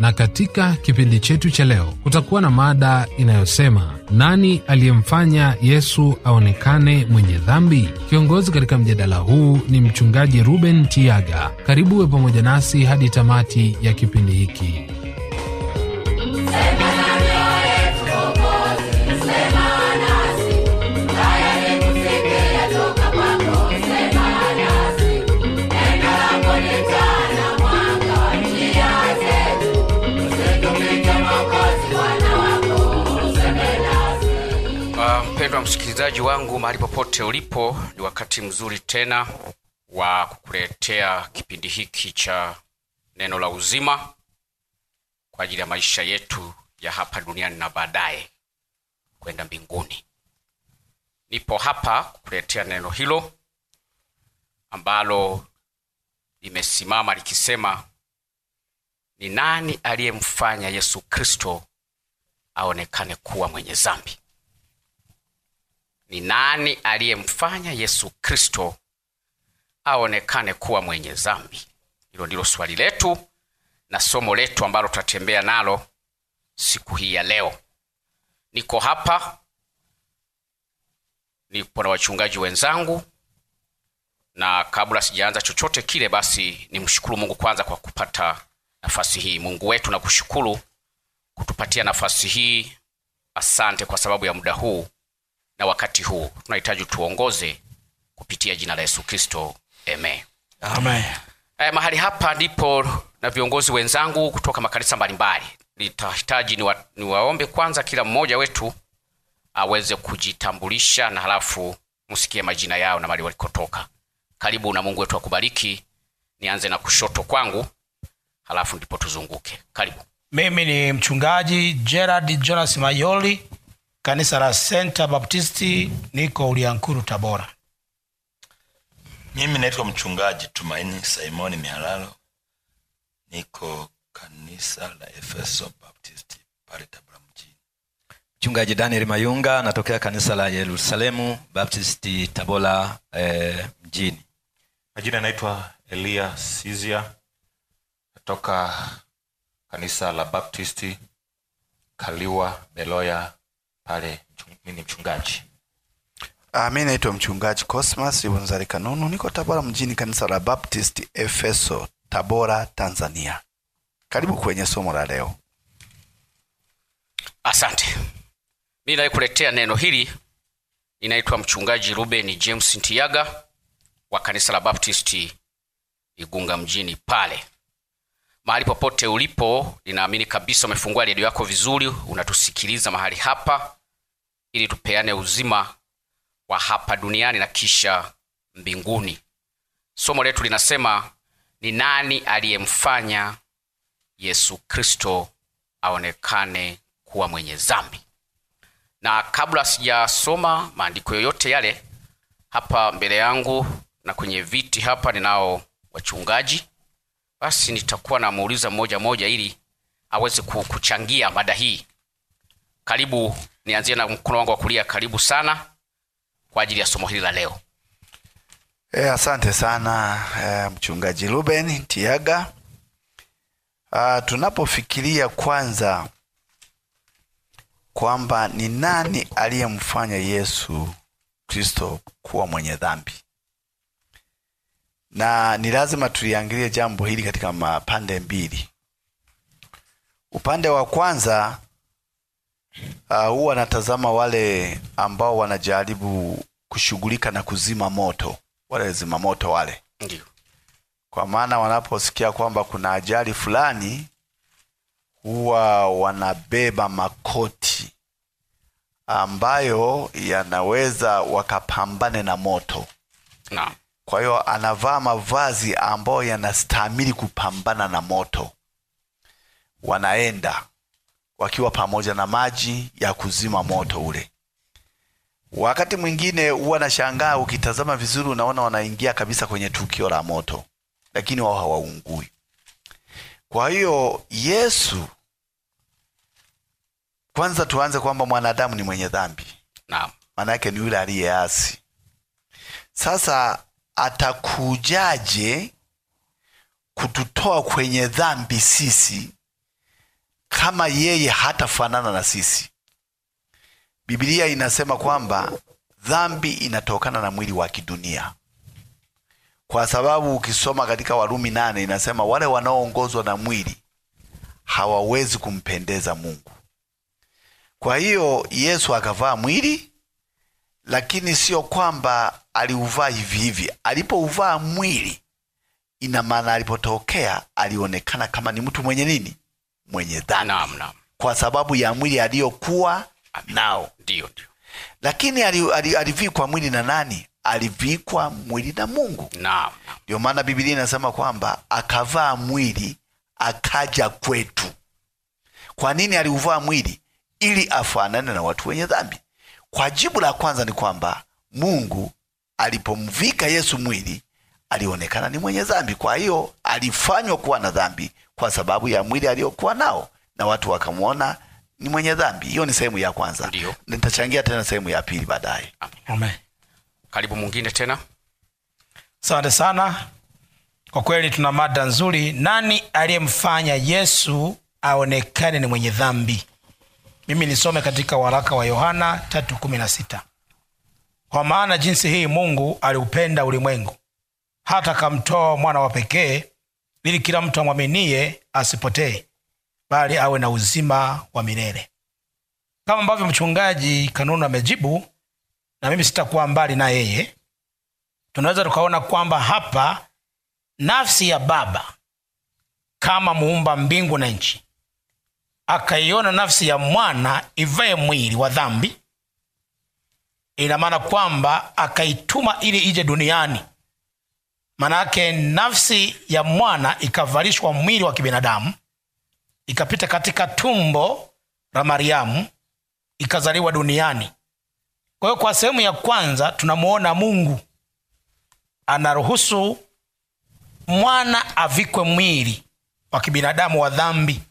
na katika kipindi chetu cha leo kutakuwa na mada inayosema nani aliyemfanya Yesu aonekane mwenye dhambi? Kiongozi katika mjadala huu ni mchungaji Ruben Tiaga. Karibu we pamoja nasi hadi tamati ya kipindi hiki. Mpendwa msikilizaji wangu, mahali popote ulipo, ni wakati mzuri tena wa kukuletea kipindi hiki cha neno la uzima kwa ajili ya maisha yetu ya hapa duniani na baadaye kwenda mbinguni. Nipo hapa kukuletea neno hilo ambalo limesimama likisema, ni nani aliyemfanya Yesu Kristo aonekane kuwa mwenye zambi ni nani aliyemfanya Yesu Kristo aonekane kuwa mwenye zambi Hilo ndilo swali letu na somo letu ambalo tutatembea nalo siku hii ya leo. Niko hapa, nipo na wachungaji wenzangu, na kabla sijaanza chochote kile, basi nimshukuru Mungu kwanza kwa kupata nafasi hii. Mungu wetu, nakushukuru kutupatia nafasi hii. Asante kwa sababu ya muda huu na wakati huu tunahitaji tuongoze kupitia jina la Yesu Kristo, amen. Amen. Eh, mahali hapa ndipo na viongozi wenzangu kutoka makanisa mbalimbali nitahitaji niwa, niwaombe kwanza kila mmoja wetu aweze kujitambulisha na halafu msikie majina yao na mali walikotoka. Karibu na Mungu wetu akubariki. Nianze na kushoto kwangu, halafu ndipo tuzunguke. Karibu. Mimi ni mchungaji Gerard Jonas Mayoli kanisa la Senta Baptisti, niko Uliankuru, Tabora. Mimi naitwa mchungaji Tumaini Simoni Mihalalo, niko kanisa la Efeso Baptisti pale Tabora mjini. Mchungaji Daniel Mayunga, natokea kanisa la Yerusalemu Baptisti Tabora eh, mjini. Majina naitwa Elia Sizia, natoka kanisa la Baptisti Kaliwa Beloya pale mi ni mchungaji Ah, mimi naitwa mchungaji Cosmas Ibunzari Kanunu, niko Tabora mjini, kanisa la Baptist Efeso, Tabora, Tanzania. Karibu kwenye somo la leo. Asante. Mi nayekuletea neno hili inaitwa mchungaji Ruben James Ntiyaga wa kanisa la Baptisti Igunga mjini pale mahali popote ulipo, ninaamini kabisa umefungua redio yako vizuri, unatusikiliza mahali hapa, ili tupeane uzima wa hapa duniani na kisha mbinguni. Somo letu linasema ni nani aliyemfanya Yesu Kristo aonekane kuwa mwenye zambi Na kabla sijasoma maandiko yoyote yale, hapa mbele yangu na kwenye viti hapa ninao wachungaji basi nitakuwa namuuliza mmoja mmoja ili aweze kuchangia mada hii. Karibu, nianzie na mkono wangu wa kulia. Karibu sana kwa ajili ya somo hili la leo. E, asante sana e, mchungaji Ruben Tiaga. A, tunapofikiria kwanza kwamba ni nani aliyemfanya Yesu Kristo kuwa mwenye dhambi na ni lazima tuliangalie jambo hili katika mapande mbili. Upande wa kwanza uh, huwa natazama wale ambao wanajaribu kushughulika na kuzima moto, wale zima moto wale, ndiyo kwa maana wanaposikia kwamba kuna ajali fulani huwa wanabeba makoti ambayo yanaweza wakapambane na moto kwa hiyo anavaa mavazi ambayo yanastahimili kupambana na moto. Wanaenda wakiwa pamoja na maji ya kuzima moto ule. Wakati mwingine huwa nashangaa, ukitazama vizuri, unaona wanaingia kabisa kwenye tukio la moto, lakini wao hawaungui. Kwa hiyo Yesu, kwanza tuanze kwamba mwanadamu ni mwenye dhambi, naam, maana yake ni yule aliyeasi. Sasa atakujaje kututoa kwenye dhambi sisi kama yeye hatafanana na sisi? Biblia inasema kwamba dhambi inatokana na mwili wa kidunia, kwa sababu ukisoma katika Warumi nane inasema wale wanaoongozwa na mwili hawawezi kumpendeza Mungu. Kwa hiyo Yesu akavaa mwili, lakini sio kwamba aliuvaa hivi hivi. Alipouvaa mwili, ina maana alipotokea alionekana kama ni mtu mwenye nini, mwenye dhambi, kwa sababu ya mwili aliyokuwa nao. Ndio, ndio. Lakini alivikwa mwili na nani? Alivikwa mwili na Mungu. Naam. Ndio maana Biblia inasema kwamba akavaa mwili akaja kwetu. Kwa nini aliuvaa mwili? Ili afanane na watu wenye dhambi. Kwa jibu la kwanza ni kwamba Mungu alipomvika Yesu mwili alionekana ni mwenye dhambi. Kwa hiyo alifanywa kuwa na dhambi kwa sababu ya mwili aliyokuwa nao, na watu wakamwona ni mwenye dhambi. Hiyo ni sehemu ya kwanza. Ndiyo. Nitachangia tena sehemu ya pili baadaye. Amen. Karibu mwingine tena. Asante sana. Kwa kweli tuna mada nzuri. Nani aliyemfanya Yesu aonekane ni mwenye dhambi? Mimi nisome katika waraka wa Yohana kwa maana jinsi hii Mungu aliupenda ulimwengu hata akamtoa mwana wa pekee, ili kila mtu amwaminiye asipotee, bali awe na uzima wa milele. Kama ambavyo mchungaji Kanunu amejibu, na mimi sitakuwa mbali na yeye, tunaweza tukaona kwamba hapa nafsi ya Baba kama muumba mbingu na nchi, akaiona nafsi ya mwana ivaye mwili wa dhambi ina maana kwamba akaituma ili ije duniani manake nafsi ya mwana ikavalishwa mwili wa kibinadamu ikapita katika tumbo la mariamu ikazaliwa duniani kwa hiyo kwa sehemu ya kwanza tunamwona mungu anaruhusu mwana avikwe mwili wa kibinadamu wa dhambi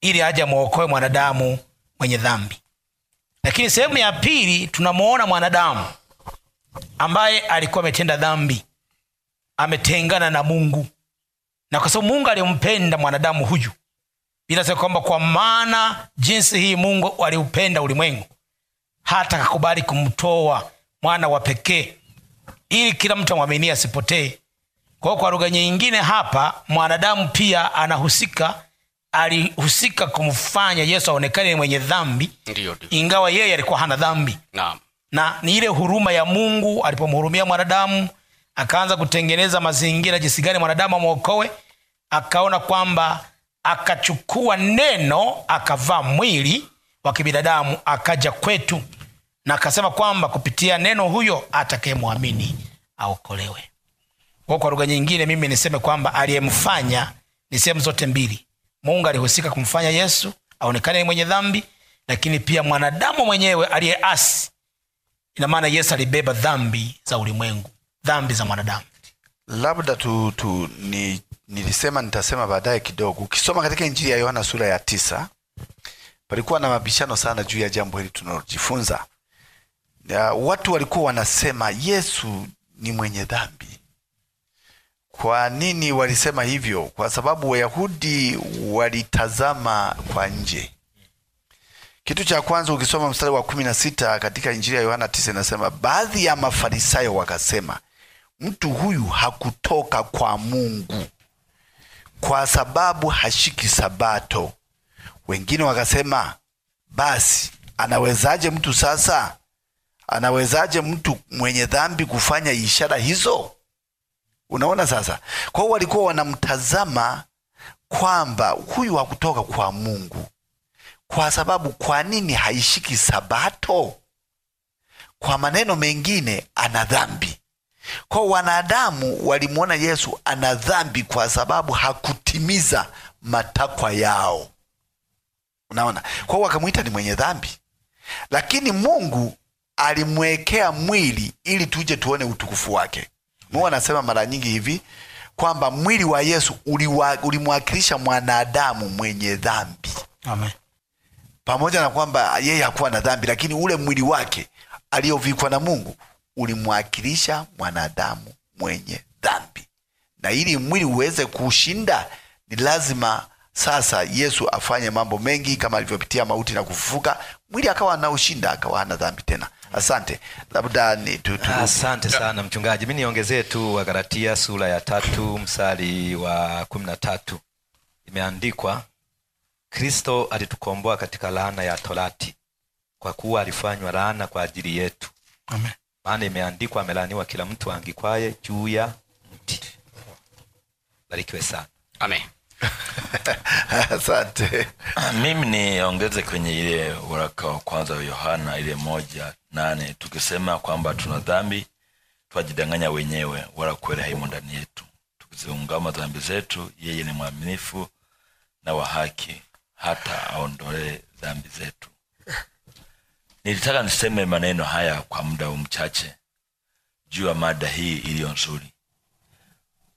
ili aje amwokoe mwanadamu mwenye dhambi lakini sehemu ya pili tunamwona mwanadamu ambaye alikuwa ametenda dhambi ametengana na mungu na kwa sababu mungu alimpenda mwanadamu huyu bila kwamba kwa maana jinsi hii mungu aliupenda ulimwengu hata kakubali kumtoa mwana wa pekee ili kila mtu amwaminie asipotee kwao kwa lugha nyingine hapa mwanadamu pia anahusika alihusika kumfanya yesu aonekane ni mwenye dhambi ndiyo, ndiyo. ingawa yeye alikuwa hana dhambi na, na ni ile huruma ya mungu alipomhurumia mwanadamu akaanza kutengeneza mazingira jinsi gani mwanadamu amwokowe akaona kwamba akachukua neno akavaa mwili wa kibinadamu akaja kwetu na akasema kwamba kupitia neno huyo atakayemwamini aokolewe kwa lugha nyingine mimi niseme kwamba aliyemfanya ni sehemu zote mbili mungu alihusika kumfanya yesu aonekane mwenye dhambi lakini pia mwanadamu mwenyewe asi ina maana yesu alibeba dhambi za ulimwengu dhambi za mwanadamu labda tu, tu ni, nilisema nitasema baadaye kidogo ukisoma katika injili ya yohana sura ya tisa palikuwa na mabishano sana juu ya jambo hili tunalojifunza watu walikuwa wanasema yesu ni mwenye dhambi kwa nini walisema hivyo? Kwa sababu Wayahudi walitazama kwa nje. Kitu cha kwanza ukisoma mstari wa kumi na sita katika Injili ya Yohana tisa inasema, baadhi ya Mafarisayo wakasema, mtu huyu hakutoka kwa Mungu kwa sababu hashiki Sabato. Wengine wakasema, basi anawezaje mtu sasa, anawezaje mtu mwenye dhambi kufanya ishara hizo? Unaona sasa, kwa hiyo walikuwa wanamtazama kwamba huyu hakutoka kwa Mungu kwa sababu, kwa nini haishiki Sabato? Kwa maneno mengine, ana dhambi. Kwa wanadamu walimwona Yesu ana dhambi kwa sababu hakutimiza matakwa yao. Unaona, kwa wakamwita ni mwenye dhambi, lakini Mungu alimwekea mwili ili tuje tuone utukufu wake. Mungu anasema mara nyingi hivi kwamba mwili wa Yesu ulimwakilisha mwanadamu mwenye dhambi. Amen. Pamoja na kwamba yeye hakuwa na dhambi, lakini ule mwili wake aliyovikwa na Mungu ulimwakilisha mwanadamu mwenye dhambi, na ili mwili uweze kushinda ni lazima sasa Yesu afanye mambo mengi kama alivyopitia mauti na kufufuka mwili akawa anaushinda, akawa hana dhambi tena. Asante, labda ni tu, tu. Asante sana mchungaji, mi niongezee tu Wagalatia sura ya tatu msali wa kumi na tatu imeandikwa, Kristo alitukomboa katika laana ya torati, kwa kuwa alifanywa laana kwa ajili yetu. Amen. Maana imeandikwa, amelaaniwa kila mtu angikwaye juu ya mti. Barikiwe sana. Amen. asante mimi niongeze kwenye ile waraka wa kwanza wa yohana ile moja nane tukisema kwamba tuna dhambi twajidanganya wenyewe wala kweli haimo ndani yetu tukiziungama dhambi zetu yeye ni mwaminifu na wa haki hata aondolee dhambi zetu nilitaka niseme maneno haya kwa muda mchache juu ya mada hii iliyo nzuri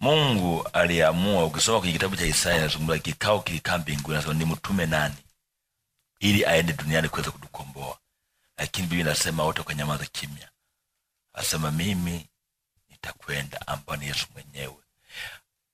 Mungu aliamua. Ukisoma kwenye kitabu cha Isaya inazungumza kikao kilikaa mbinguni, nasema nimtume nani ili aende duniani kuweza kutukomboa, lakini Biblia inasema wote kwa nyamaza kimya, asema mimi nitakwenda, ambao ni Yesu mwenyewe.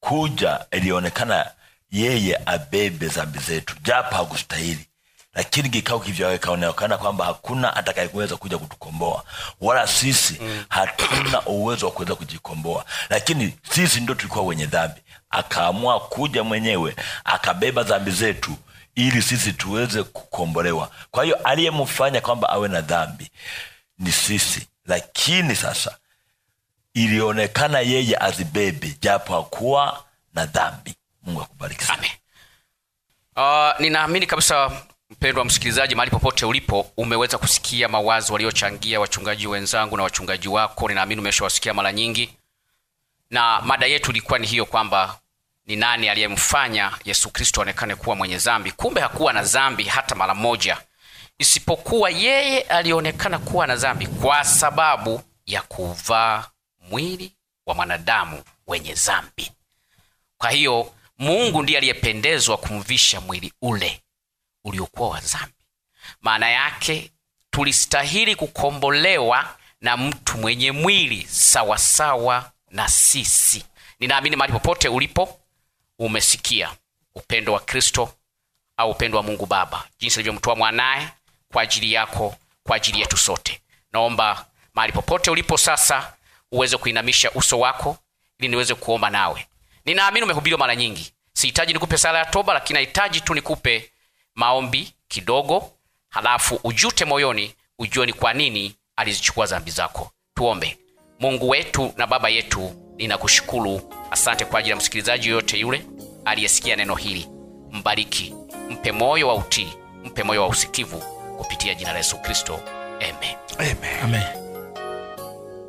Kuja ilionekana yeye abebe zambi zetu, japo hakustahili lakini kikao kivyo kaonekana kwamba hakuna atakayeweza kuja kutukomboa, wala sisi mm. hatuna uwezo wa kuweza kujikomboa, lakini sisi ndio tulikuwa wenye dhambi. Akaamua kuja mwenyewe akabeba dhambi zetu ili sisi tuweze kukombolewa. Kwa hiyo aliyemfanya kwamba awe na dhambi ni sisi, lakini sasa ilionekana yeye azibebe japo hakuwa na dhambi. Mungu akubariki sana. Uh, ninaamini kabisa Mpendwa msikilizaji, mahali popote ulipo, umeweza kusikia mawazo waliochangia wachungaji wenzangu na wachungaji wako. Ninaamini umeshawasikia mara nyingi, na mada yetu ilikuwa ni hiyo kwamba ni nani aliyemfanya Yesu Kristo aonekane kuwa mwenye zambi Kumbe hakuwa na zambi hata mara moja, isipokuwa yeye alionekana kuwa na zambi kwa sababu ya kuvaa mwili wa mwanadamu wenye zambi Kwa hiyo Mungu ndiye aliyependezwa kumvisha mwili ule uliokuwa wa dhambi. Maana yake tulistahili kukombolewa na mtu mwenye mwili sawasawa na sisi. Ninaamini mahali popote ulipo umesikia upendo wa Kristo au upendo wa Mungu Baba, jinsi alivyomtoa mwanaye kwa ajili yako, kwa ajili yetu sote. Naomba mahali popote ulipo sasa uweze kuinamisha uso wako ili niweze kuomba nawe. Ninaamini umehubiriwa mara nyingi, sihitaji nikupe sala ya toba, lakini nahitaji tu nikupe maombi kidogo, halafu ujute moyoni, ujue ni kwa nini alizichukua zambi zako. Tuombe. Mungu wetu na Baba yetu, ninakushukuru, asante kwa ajili ya msikilizaji yoyote yule aliyesikia neno hili. Mbariki, mpe moyo wa utii, mpe moyo wa usikivu, kupitia jina la Yesu Kristo, amen. Amen. Amen.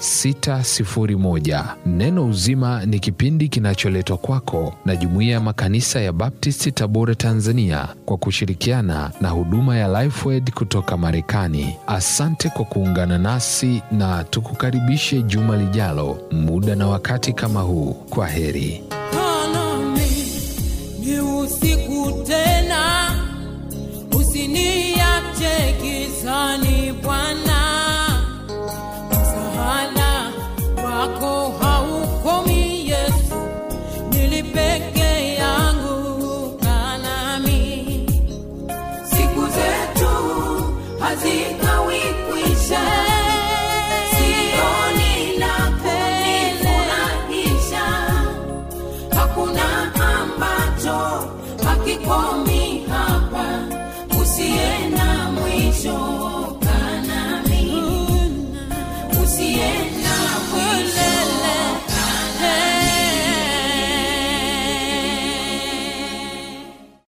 601. Neno Uzima ni kipindi kinacholetwa kwako na Jumuiya ya Makanisa ya Baptisti Tabora, Tanzania, kwa kushirikiana na huduma ya Lifewed kutoka Marekani. Asante kwa kuungana nasi na tukukaribishe juma lijalo, muda na wakati kama huu. Kwa heri. Deus.